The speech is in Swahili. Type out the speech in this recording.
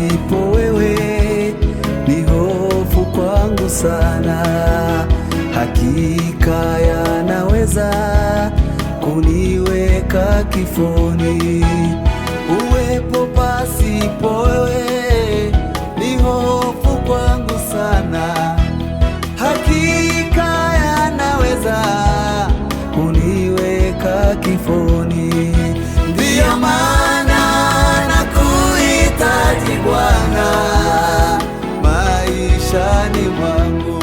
ulipo wewe ni hofu kwangu sana, hakika yanaweza kuniweka kifoni. Uwepo pasipo wewe ni hofu kwangu sana, hakika yanaweza kuniweka kifoni, ndiyo maana Bwana maishani mwangu